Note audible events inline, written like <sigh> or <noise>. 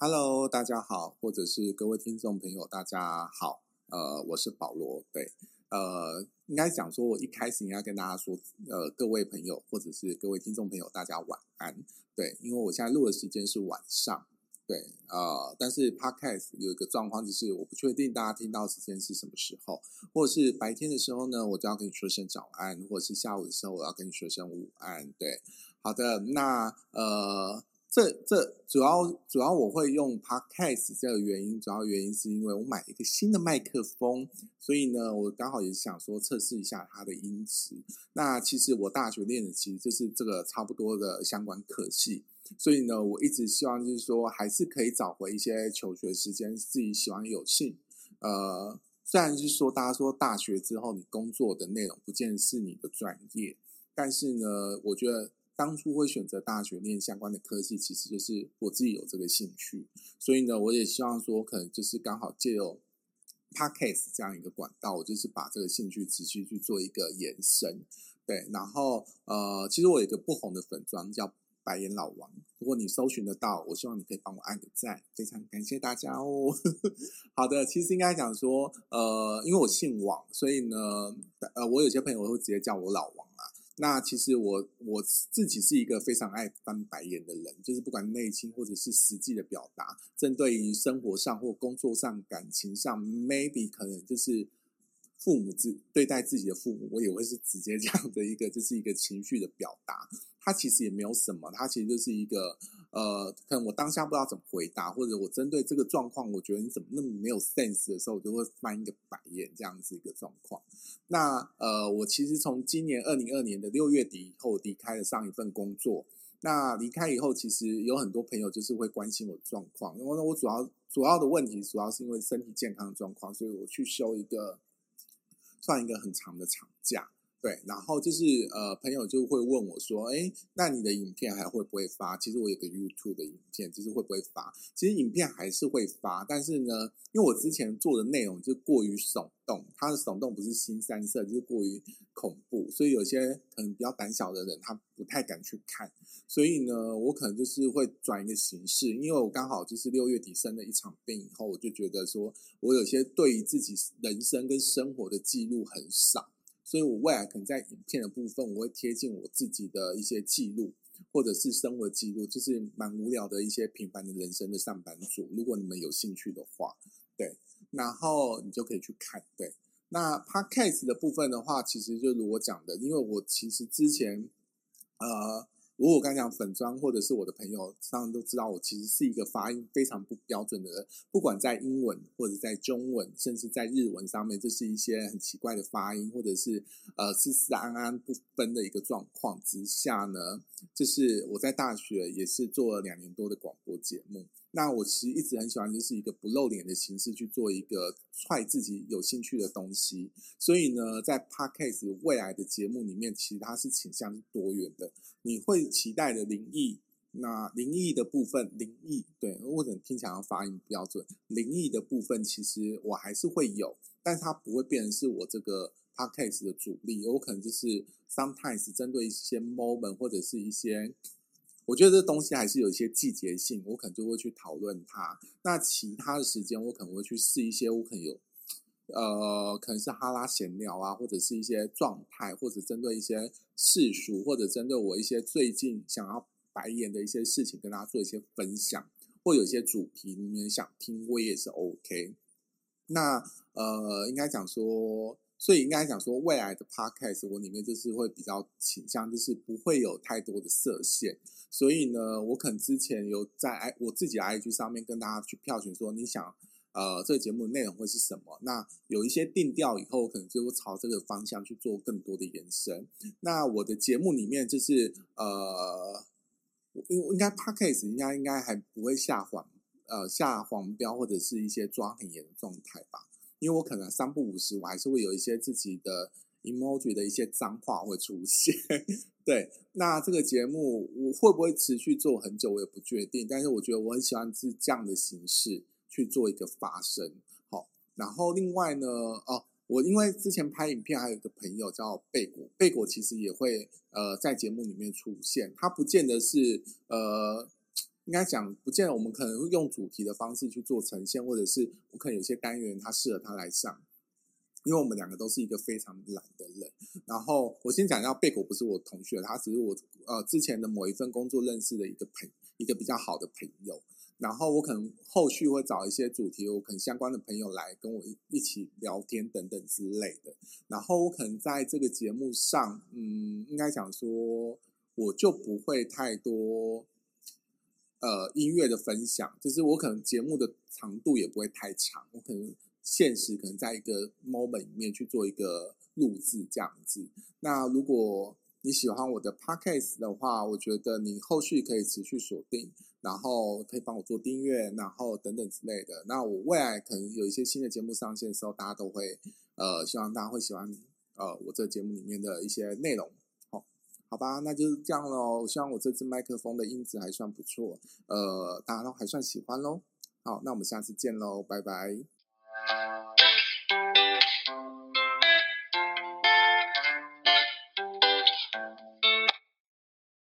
Hello，大家好，或者是各位聽眾朋友，大家好。呃，我是保羅，對。呃，應該講說我一開始應該跟大家說，呃，各位朋友或者是各位聽眾朋友，大家晚安，對。因為我現在錄的時間是晚上，對。呃，但是 Podcast 有一個狀況，就是我不確定大家聽到的時間是什麼時候，或者是白天的時候呢，我就要跟你說聲早安，或者是下午的時候，我要跟你說聲午安，對。好的，那呃，這這主要主要我會用 Podcast 這個原因，主要原因是因為我買了一個新的麥克風，所以呢，我剛好也想說測試一下它的音質。那其實我大學練的其實就是這個差不多的相關課系，所以呢，我一直希望就是說還是可以找回一些求學時間，自己喜歡有興趣呃，雖然就是說大家說大學之後你工作的內容不見得是你的專業，但是呢，我覺得。當初會選擇大學念相關的科技，其實就是我自己有這個興趣，所以呢，我也希望說，可能就是剛好借由 Podcast 這樣一個管道，我就是把這個興趣持續去做一個延伸。對，然後呃，其實我有一個不紅的粉專叫白眼老王，如果你搜尋得到，我希望你可以幫我按個讚，非常感謝大家哦。 <laughs> 好的，其實應該講說，呃，因為我姓王，所以呢，呃，我有些朋友會直接叫我老王。那其實我我自己是一個非常愛翻白眼的人，就是不管內心或者是實際的表達，針對於生活上或工作上、感情上，maybe 可能就是父母自對待自己的父母，我也會是直接這樣的一個，就是一個情緒的表達。他其實也沒有什麼，他其實就是一個。呃，可能我當下不知道怎麼回答，或者我針對這個狀況，我覺得你怎麼那麼沒有 sense 的時候，我就會翻一個白眼，這樣子一個狀況。那呃，我其實從今年二零二二年的六月底以後離開了上一份工作。那離開以後，其實有很多朋友就是會關心我的狀況。然後呢，我主要主要的問題主要是因為身體健康狀況，所以我去休一個，算一個很長的長假。對，然後就是呃，朋友就會問我說：“哎，那你的影片還會不會發？”其實我有個 YouTube 的影片，就是會不會發？其實影片還是會發，但是呢，因為我之前做的內容就是過於聳動，它的聳動不是腥羶色，就是過於恐怖，所以有些可能比較膽小的人他不太敢去看。所以呢，我可能就是會轉一個形式，因為我剛好就是六月底生了一場病以後，我就覺得說我有些對於自己人生跟生活的記錄很少。所以，我未來可能在影片的部分，我會貼近我自己的一些記錄，或者是生活記錄，就是蠻無聊的一些平凡的人生的上班族。如果你們有興趣的話，對，然後你就可以去看。對，那 Podcast 的部分的話，其實就是我講的，因為我其實之前，呃。如果我剛才講粉專，或者是我的朋友，當然都知道我其實是一個發音非常不標準的人，不管在英文或者在中文，甚至在日文上面，這是一些很奇怪的發音，或者是呃，嘶嘶安安不分的一個狀況之下呢，就是我在大學也是做了兩年多的廣播節目。那我其實一直很喜歡，就是一個不露臉的形式去做一個踹自己有興趣的東西。所以呢，在 Podcast 未來的節目裡面，其實它是傾向多元的。你會期待的靈異，那靈異的部分，靈異對，或者你聽起來要發音標準，靈異的部分其實我還是會有，但是它不會變成是我這個 Podcast 的主力。有可能就是 sometimes 針對一些 moment 或者是一些。我覺得這東西還是有一些季節性，我可能就會去討論它。那其他的時間，我可能會去試一些，我可能有，呃，可能是哈拉閒聊啊，或者是一些狀態，或者針對一些世俗，或者針對我一些最近想要白眼的一些事情，跟大家做一些分享，或有一些主題，你們想聽我也是 OK。那呃，應該講說。所以應該想說，未來的 podcast 我裡面就是會比較傾向，就是不會有太多的設限。所以呢，我可能之前有在哎，我自己的 IG 上面跟大家去票選說，你想呃，這個節目的內容會是什麼？那有一些定調以後，可能就朝這個方向去做更多的延伸。那我的節目裡面就是呃，應應該 podcast 應該應該還不會下黃呃，下黃標或者是一些抓很嚴的狀態吧。因為我可能三不五時，我還是會有一些自己的 emoji 的一些髒話會出現，對。那這個節目我會不會持續做很久，我也不確定。但是我覺得我很喜歡是這樣的形式去做一個發聲。好，然後另外呢，哦，我因為之前拍影片，還有一個朋友叫貝果，貝果其實也會呃在節目裡面出現。他不見得是呃。應該講，不見得。我們可能會用主題的方式去做呈現，或者是我可能有些單元它適合他來上，因為我們兩個都是一個非常懶的人。然後我先講一下，貝果不是我同學，他只是我呃之前的某一份工作認識的一個朋友，一個比較好的朋友。然後我可能後續會找一些主題，我可能相關的朋友來跟我一起聊天等等之類的。然後我可能在這個節目上，嗯，應該講說我就不會太多，呃，音樂的分享，就是我可能節目的長度也不會太長，我可能限時，可能在一個 moment 裡面去做一個錄製這樣子。那如果你喜歡我的 Podcast 的話，我覺得你後續可以持續鎖定，然後可以幫我做訂閱，然後等等之類的。那我未來可能有一些新的節目上線的時候，大家都會呃，希望大家會喜歡呃我這節目裡面的一些內容。好吧，那就是這樣嘍。希望我這隻麥克風的音質還算不錯，呃，大家都還算喜歡嘍。好，那我們下次見嘍，拜拜。